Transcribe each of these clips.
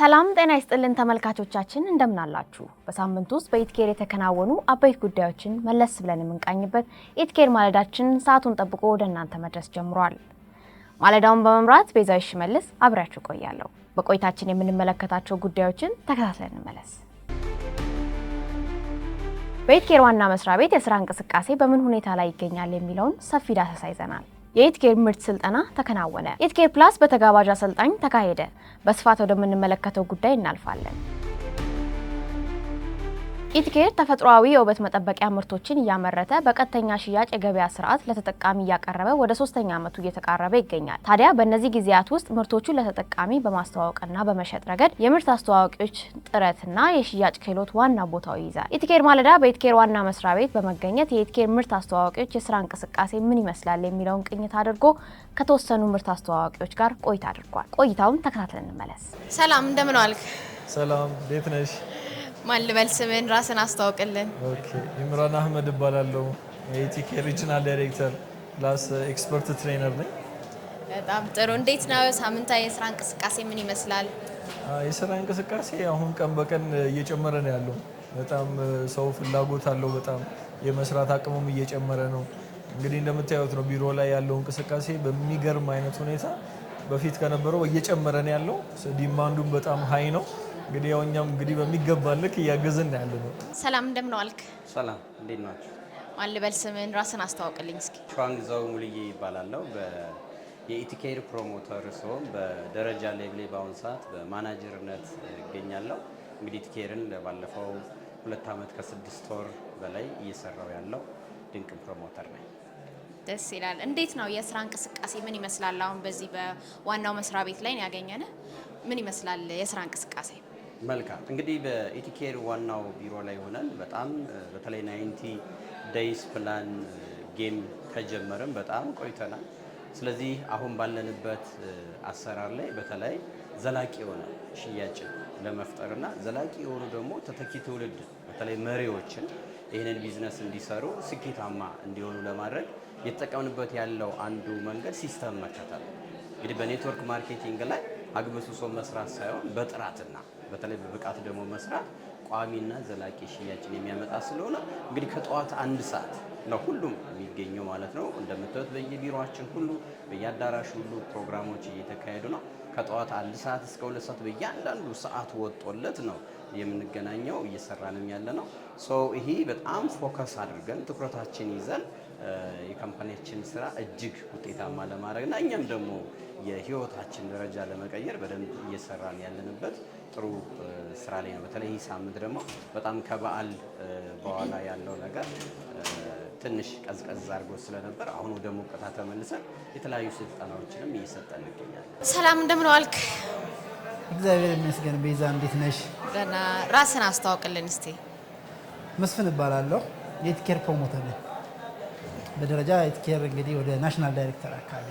ሰላም ጤና ይስጥልን ተመልካቾቻችን፣ እንደምናላችሁ። በሳምንት ውስጥ በኢትኬር የተከናወኑ አበይት ጉዳዮችን መለስ ብለን የምንቃኝበት ኢትኬር ማለዳችን ሰዓቱን ጠብቆ ወደ እናንተ መድረስ ጀምሯል። ማለዳውን በመምራት ቤዛዊ ሽመልስ አብሬያችሁ ቆያለሁ። በቆይታችን የምንመለከታቸው ጉዳዮችን ተከታትለን እንመለስ። በኢትኬር ዋና መስሪያ ቤት የስራ እንቅስቃሴ በምን ሁኔታ ላይ ይገኛል የሚለውን ሰፊ ዳሰሳ ይዘናል። የኢትኬር ምርት ስልጠና ተከናወነ። ኢትኬር ፕላስ በተጋባዥ አሰልጣኝ ተካሄደ። በስፋት ወደምንመለከተው ጉዳይ እናልፋለን። ኢትኬር ተፈጥሯዊ የውበት መጠበቂያ ምርቶችን እያመረተ በቀጥተኛ ሽያጭ የገበያ ስርዓት ለተጠቃሚ እያቀረበ ወደ ሶስተኛ ዓመቱ እየተቃረበ ይገኛል። ታዲያ በእነዚህ ጊዜያት ውስጥ ምርቶቹን ለተጠቃሚ በማስተዋወቅና በመሸጥ ረገድ የምርት አስተዋዋቂዎች ጥረትና የሽያጭ ክህሎት ዋና ቦታው ይይዛል። ኢትኬር ማለዳ በኢትኬር ዋና መስሪያ ቤት በመገኘት የኢትኬር ምርት አስተዋዋቂዎች የስራ እንቅስቃሴ ምን ይመስላል የሚለውን ቅኝት አድርጎ ከተወሰኑ ምርት አስተዋዋቂዎች ጋር ቆይታ አድርጓል። ቆይታውን ተከታትለን እንመለስ። ሰላም እንደምን ዋልክ? ሰላም፣ እንዴት ነሽ? ማን ልበል? ስምን ራስን አስተዋውቅልን። ኢምራን አህመድ እባላለሁ። የኢቲኬ ሪጅናል ዳይሬክተር ፕላስ ኤክስፐርት ትሬነር ነኝ። በጣም ጥሩ። እንዴት ነው ሳምንታዊ የስራ እንቅስቃሴ ምን ይመስላል? የስራ እንቅስቃሴ አሁን ቀን በቀን እየጨመረ ነው ያለው። በጣም ሰው ፍላጎት አለው። በጣም የመስራት አቅሙም እየጨመረ ነው። እንግዲህ እንደምታዩት ነው ቢሮ ላይ ያለው እንቅስቃሴ በሚገርም አይነት ሁኔታ በፊት ከነበረው እየጨመረ ነው ያለው። ዲማንዱም በጣም ሀይ ነው። እንግዲህ ያው እኛም እንግዲህ በሚገባ ልክ እያገዝን ያለ ነው። ሰላም እንደምን ዋልክ? ሰላም እንዴት ናቸው? ማን ልበል ስምን ራስን አስተዋውቅልኝ እስኪ። ሸዋንግዛው ሙልዬ ይባላለሁ። የኢቲኬር ፕሮሞተር ሲሆን በደረጃ ሌቭሌ በአሁኑ ሰዓት በማናጀርነት ይገኛለሁ። እንግዲህ ኢቲኬርን ባለፈው ሁለት ዓመት ከስድስት ወር በላይ እየሰራው ያለው ድንቅ ፕሮሞተር ነኝ። ደስ ይላል። እንዴት ነው የስራ እንቅስቃሴ ምን ይመስላል? አሁን በዚህ በዋናው መስሪያ ቤት ላይ ያገኘን ምን ይመስላል የስራ እንቅስቃሴ? መልካም እንግዲህ በኢቲኬር ዋናው ቢሮ ላይ ሆነን በጣም በተለይ ናይንቲ ደይስ ፕላን ጌም ከጀመርም በጣም ቆይተናል። ስለዚህ አሁን ባለንበት አሰራር ላይ በተለይ ዘላቂ የሆነ ሽያጭን ለመፍጠር ዘላቂ የሆኑ ደግሞ ተተኪ ትውልድ በተለይ መሪዎችን ይህንን ቢዝነስ እንዲሰሩ ስኬታማ እንዲሆኑ ለማድረግ የተጠቀምንበት ያለው አንዱ መንገድ ሲስተም መከተል እንግዲህ በኔትወርክ ማርኬቲንግ ላይ አግበስብሶ መስራት ሳይሆን በጥራትና በተለይ በብቃት ደግሞ መስራት ቋሚና ዘላቂ ሽያጭን የሚያመጣ ስለሆነ እንግዲህ ከጠዋት አንድ ሰዓት ነው ሁሉም የሚገኘው ማለት ነው። እንደምታዩት በየቢሮችን ሁሉ በየአዳራሽ ሁሉ ፕሮግራሞች እየተካሄዱ ነው። ከጠዋት አንድ ሰዓት እስከ ሁለት ሰዓት በእያንዳንዱ ሰዓት ወጦለት ነው የምንገናኘው እየሰራንም ያለ ነው። ይሄ በጣም ፎከስ አድርገን ትኩረታችን ይዘን የካምፓኒያችን ስራ እጅግ ውጤታማ ለማድረግና እኛም ደግሞ የህይወታችን ደረጃ ለመቀየር በደንብ እየሰራን ያለንበት ጥሩ ስራ ላይ ነው። በተለይ ይህ ሳምንት ደግሞ በጣም ከበዓል በኋላ ያለው ነገር ትንሽ ቀዝቀዝ አድርጎ ስለነበር አሁን ወደ ሞቀታ ተመልሰን የተለያዩ ስልጠናዎችንም እየሰጠን እንገኛለን። ሰላም እንደምን ዋልክ? እግዚአብሔር ይመስገን። ቤዛ እንዴት ነሽ? ገና ራስን አስተዋውቅልን እስቲ። መስፍን እባላለሁ። የትኬር ፕሮሞተር ነኝ። በደረጃ የትኬር እንግዲህ ወደ ናሽናል ዳይሬክተር አካባቢ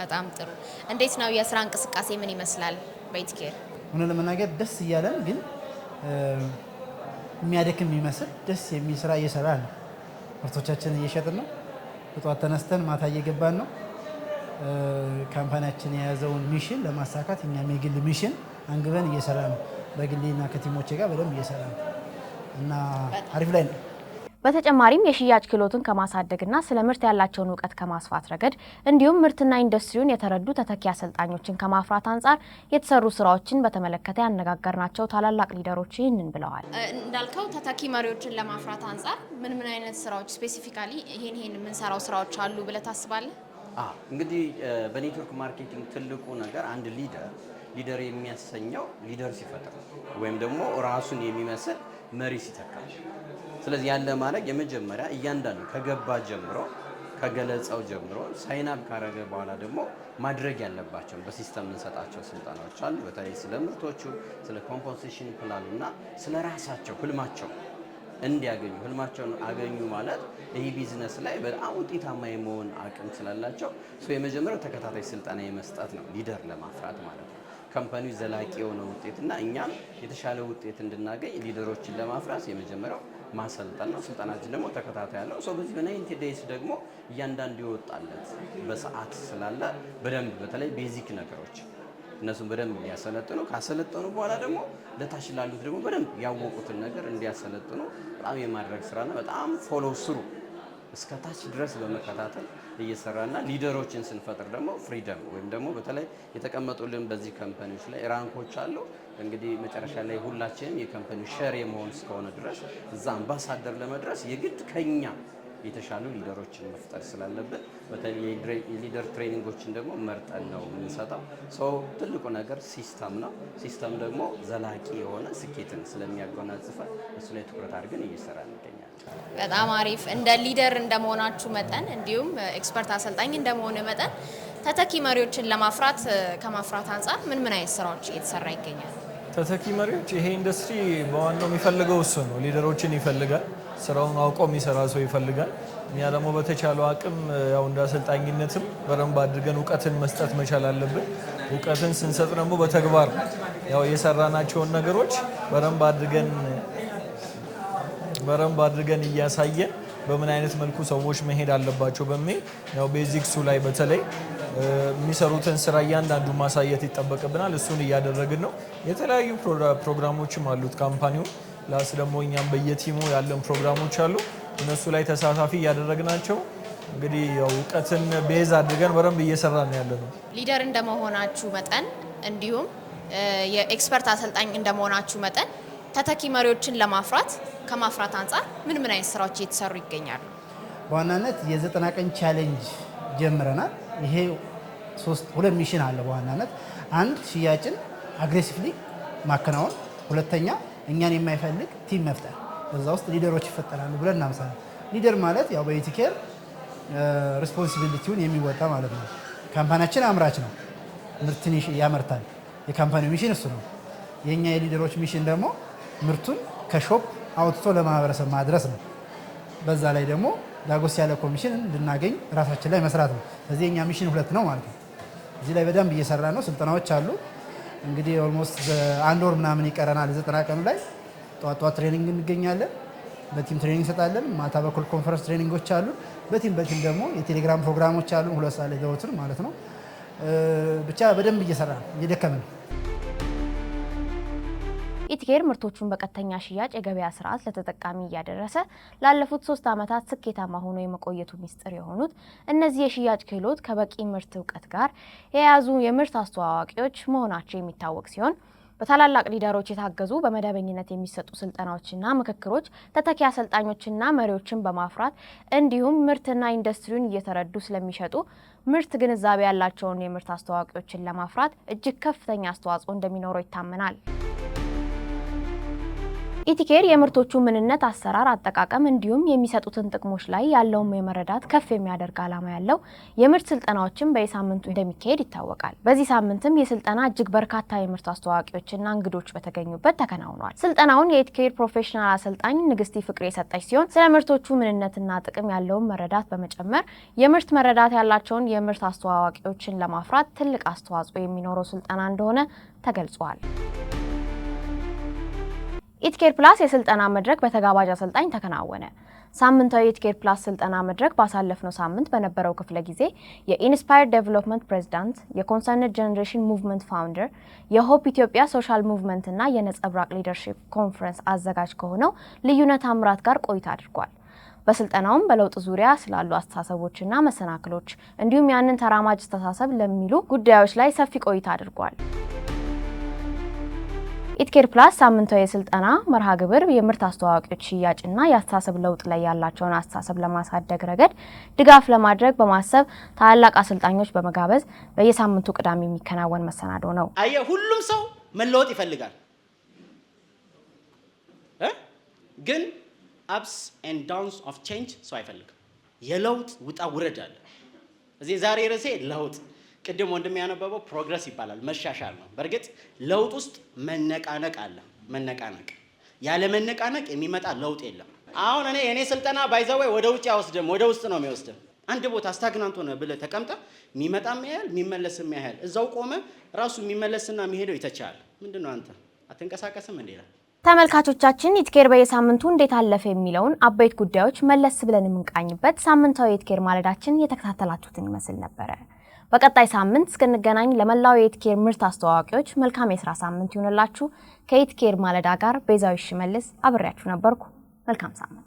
በጣም ጥሩ። እንዴት ነው የስራ እንቅስቃሴ ምን ይመስላል በኢትኬር እውነት ለመናገር ደስ እያለን ግን የሚያደክም የሚመስል ደስ የሚል ስራ እየሰራ ነው። ምርቶቻችን እየሸጥን ነው። በጠዋት ተነስተን ማታ እየገባን ነው። ካምፓኒያችን የያዘውን ሚሽን ለማሳካት እኛም የግል ሚሽን አንግበን እየሰራ ነው። በግሌና ከቲሞቼ ጋር በደንብ እየሰራ ነው እና አሪፍ ላይ ነው። በተጨማሪም የሽያጭ ክህሎትን ከማሳደግና ስለ ምርት ያላቸውን እውቀት ከማስፋት ረገድ እንዲሁም ምርትና ኢንዱስትሪውን የተረዱ ተተኪ አሰልጣኞችን ከማፍራት አንጻር የተሰሩ ስራዎችን በተመለከተ ያነጋገርናቸው ታላላቅ ሊደሮች ይህንን ብለዋል። እንዳልከው ተተኪ መሪዎችን ለማፍራት አንጻር ምን ምን አይነት ስራዎች ስፔሲፊካሊ ይህን ይህን የምንሰራው ስራዎች አሉ ብለህ ታስባለህ? እንግዲህ በኔትወርክ ማርኬቲንግ ትልቁ ነገር አንድ ሊደር ሊደር የሚያሰኘው ሊደር ሲፈጥር ወይም ደግሞ ራሱን የሚመስል መሪ ሲተካ ስለዚህ ያለ ማድረግ የመጀመሪያ እያንዳንዱ ከገባ ጀምሮ ከገለጻው ጀምሮ ሳይናብ ካረገ በኋላ ደግሞ ማድረግ ያለባቸውን በሲስተም የምንሰጣቸው ስልጠናዎች አሉ። በተለይ ስለ ምርቶቹ፣ ስለ ኮምፖዚሽን ፕላኑ እና ስለ ራሳቸው ህልማቸው እንዲያገኙ ህልማቸውን አገኙ ማለት ይህ ቢዝነስ ላይ በጣም ውጤታማ የመሆን አቅም ስላላቸው የመጀመሪያው ተከታታይ ስልጠና የመስጠት ነው፣ ሊደር ለማፍራት ማለት ነው። ከምፓኒው ዘላቂ የሆነ ውጤትና እኛም የተሻለ ውጤት እንድናገኝ ሊደሮችን ለማፍራት የመጀመሪያው ማሰልጠን ነው። ስልጠናችን ደግሞ ተከታታይ ያለው ሰው በዚህ በናይንቲ ዴይስ ደግሞ እያንዳንዱ ይወጣለት በሰዓት ስላለ በደንብ በተለይ ቤዚክ ነገሮች እነሱም በደንብ እንዲያሰለጥኑ ካሰለጠኑ በኋላ ደግሞ ለታች ላሉት ደግሞ በደንብ ያወቁትን ነገር እንዲያሰለጥኑ በጣም የማድረግ ስራና በጣም ፎሎ ስሩ እስከ ታች ድረስ በመከታተል እየሰራና ሊደሮችን ስንፈጥር ደግሞ ፍሪደም ወይም ደግሞ በተለይ የተቀመጡልን በዚህ ካምፓኒዎች ላይ ራንኮች አሉ። እንግዲህ መጨረሻ ላይ ሁላችንም የካምፓኒው ሸር የመሆን እስከሆነ ድረስ እዛ አምባሳደር ለመድረስ የግድ ከኛ የተሻሉ ሊደሮችን መፍጠር ስላለብን በተለይ የሊደር ትሬኒንጎችን ደግሞ መርጠን ነው የምንሰጠው። ሰው ትልቁ ነገር ሲስተም ነው። ሲስተም ደግሞ ዘላቂ የሆነ ስኬትን ስለሚያጎናጽፈን እሱ ላይ ትኩረት አድርገን እየሰራ እንገኛለን። በጣም አሪፍ። እንደ ሊደር እንደመሆናችሁ መጠን እንዲሁም ኤክስፐርት አሰልጣኝ እንደመሆነ መጠን ተተኪ መሪዎችን ለማፍራት ከማፍራት አንጻር ምን ምን አይነት ስራዎች እየተሰራ ይገኛል? ተተኪ መሪዎች ይሄ ኢንዱስትሪ በዋናው የሚፈልገው እሱ ነው። ሊደሮችን ይፈልጋል። ስራውን አውቆ የሚሰራ ሰው ይፈልጋል። እኛ ደግሞ በተቻለው አቅም ያው እንደ አሰልጣኝነትም በደንብ አድርገን እውቀትን መስጠት መቻል አለብን። እውቀትን ስንሰጥ ደግሞ በተግባር ያው የሰራናቸውን ነገሮች በደንብ አድርገን በደንብ አድርገን እያሳየን በምን አይነት መልኩ ሰዎች መሄድ አለባቸው በሚል ያው ቤዚክሱ ላይ በተለይ የሚሰሩትን ስራ እያንዳንዱ ማሳየት ይጠበቅብናል። እሱን እያደረግን ነው። የተለያዩ ፕሮግራሞችም አሉት ካምፓኒው ላስ ደግሞ እኛም በየቲሙ ያለን ፕሮግራሞች አሉ። እነሱ ላይ ተሳታፊ እያደረግናቸው እንግዲህ እውቀትን ቤዝ አድርገን በደንብ እየሰራ ነው ያለ ነው። ሊደር እንደመሆናችሁ መጠን እንዲሁም የኤክስፐርት አሰልጣኝ እንደመሆናችሁ መጠን ተተኪ መሪዎችን ለማፍራት ከማፍራት አንጻር ምን ምን አይነት ስራዎች እየተሰሩ ይገኛሉ? በዋናነት የዘጠና ቀን ቻሌንጅ ጀምረናል። ይሄ ሁለት ሚሽን አለ በዋናነት አንድ ሽያጭን አግሬሲቭሊ ማከናወን፣ ሁለተኛ እኛን የማይፈልግ ቲም መፍጠር፣ እዛ ውስጥ ሊደሮች ይፈጠራሉ ብለን እናምሳለን። ሊደር ማለት ያው በኢቲኬር ሪስፖንሲቢሊቲውን የሚወጣ ማለት ነው። ካምፓኒያችን አምራች ነው፣ ምርትን ያመርታል። የካምፓኒው ሚሽን እሱ ነው። የእኛ የሊደሮች ሚሽን ደግሞ ምርቱን ከሾፕ አውጥቶ ለማህበረሰብ ማድረስ ነው። በዛ ላይ ደግሞ ዳጎስ ያለ ኮሚሽን እንድናገኝ ራሳችን ላይ መስራት ነው። ስለዚህ የእኛ ሚሽን ሁለት ነው ማለት ነው። እዚህ ላይ በደንብ እየሰራ ነው። ስልጠናዎች አሉ። እንግዲህ ኦልሞስት አንድ ወር ምናምን ይቀረናል። ዘጠና ቀኑ ላይ ጠዋት ጠዋት ትሬኒንግ እንገኛለን። በቲም ትሬኒንግ እንሰጣለን። ማታ በኩል ኮንፈረንስ ትሬኒንጎች አሉ። በቲም በቲም ደግሞ የቴሌግራም ፕሮግራሞች አሉ። ሁለት ሰዓት ላይ ዘወትር ማለት ነው። ብቻ በደንብ እየሰራ ነው እየደከመ ነው ኢትኬር ምርቶቹን በቀጥተኛ ሽያጭ የገበያ ስርዓት ለተጠቃሚ እያደረሰ ላለፉት ሶስት ዓመታት ስኬታማ ሆኖ የመቆየቱ ሚስጥር የሆኑት እነዚህ የሽያጭ ክህሎት ከበቂ ምርት እውቀት ጋር የያዙ የምርት አስተዋዋቂዎች መሆናቸው የሚታወቅ ሲሆን በታላላቅ ሊደሮች የታገዙ በመደበኝነት የሚሰጡ ስልጠናዎችና ምክክሮች ተተኪ አሰልጣኞችና መሪዎችን በማፍራት እንዲሁም ምርትና ኢንዱስትሪውን እየተረዱ ስለሚሸጡ ምርት ግንዛቤ ያላቸውን የምርት አስተዋዋቂዎችን ለማፍራት እጅግ ከፍተኛ አስተዋጽኦ እንደሚኖረው ይታመናል። ኢቲኬር የምርቶቹ ምንነት፣ አሰራር፣ አጠቃቀም እንዲሁም የሚሰጡትን ጥቅሞች ላይ ያለውን የመረዳት ከፍ የሚያደርግ ዓላማ ያለው የምርት ስልጠናዎችን በየሳምንቱ እንደሚካሄድ ይታወቃል። በዚህ ሳምንትም የስልጠና እጅግ በርካታ የምርት አስተዋዋቂዎችና እንግዶች በተገኙበት ተከናውኗል። ስልጠናውን የኢቲኬር ፕሮፌሽናል አሰልጣኝ ንግስቲ ፍቅሬ የሰጠች ሲሆን ስለ ምርቶቹ ምንነትና ጥቅም ያለውን መረዳት በመጨመር የምርት መረዳት ያላቸውን የምርት አስተዋዋቂዎችን ለማፍራት ትልቅ አስተዋጽኦ የሚኖረው ስልጠና እንደሆነ ተገልጿል። ኢትኬር ፕላስ የስልጠና መድረክ በተጋባዥ አሰልጣኝ ተከናወነ። ሳምንታዊ የኢትኬር ፕላስ ስልጠና መድረክ ባሳለፍነው ሳምንት በነበረው ክፍለ ጊዜ የኢንስፓየርድ ዴቨሎፕመንት ፕሬዚዳንት፣ የኮንሰርንድ ጀኔሬሽን ሙቭመንት ፋውንደር፣ የሆፕ ኢትዮጵያ ሶሻል ሙቭመንት እና የነጸብራቅ ሊደርሺፕ ኮንፈረንስ አዘጋጅ ከሆነው ልዩነት አምራት ጋር ቆይታ አድርጓል። በስልጠናውም በለውጥ ዙሪያ ስላሉ አስተሳሰቦችና መሰናክሎች እንዲሁም ያንን ተራማጅ አስተሳሰብ ለሚሉ ጉዳዮች ላይ ሰፊ ቆይታ አድርጓል። ኢትኬር ፕላስ ሳምንታዊ የስልጠና መርሃ ግብር የምርት አስተዋዋቂዎች ሽያጭና የአስተሳሰብ ለውጥ ላይ ያላቸውን አስተሳሰብ ለማሳደግ ረገድ ድጋፍ ለማድረግ በማሰብ ታላላቅ አሰልጣኞች በመጋበዝ በየሳምንቱ ቅዳሜ የሚከናወን መሰናዶ ነው። አየ ሁሉም ሰው መለወጥ ይፈልጋል፣ ግን አፕስ ኤንድ ዳውንስ ኦፍ ቼንጅ ሰው አይፈልግም። የለውጥ ውጣ ውረድ አለ። እዚህ ዛሬ ርዕሴ ለውጥ ቅድም ወንድም ያነበበው ፕሮግረስ ይባላል፣ መሻሻል ነው። በእርግጥ ለውጥ ውስጥ መነቃነቅ አለ። መነቃነቅ ያለ መነቃነቅ የሚመጣ ለውጥ የለም። አሁን እኔ የእኔ ስልጠና ባይዘወይ ወደ ውጭ አይወስድም፣ ወደ ውስጥ ነው የሚወስድም። አንድ ቦታ አስታግናንቶ ሆነ ብለህ ተቀምጠህ የሚመጣም ያህል የሚመለስም ያህል እዛው ቆመ ራሱ የሚመለስና የሚሄደው ይተቻል። ምንድን ነው አንተ አትንቀሳቀስም እንዴ? ተመልካቾቻችን ኢትኬር በየሳምንቱ እንዴት አለፈ የሚለውን አበይት ጉዳዮች መለስ ብለን የምንቃኝበት ሳምንታዊ ኢትኬር ማለዳችን የተከታተላችሁትን ይመስል ነበረ። በቀጣይ ሳምንት እስክንገናኝ ለመላው የኢትኬር ምርት አስተዋዋቂዎች መልካም የስራ ሳምንት ይሁንላችሁ። ከኢትኬር ማለዳ ጋር ቤዛዊ ሽመልስ አብሬያችሁ ነበርኩ። መልካም ሳምንት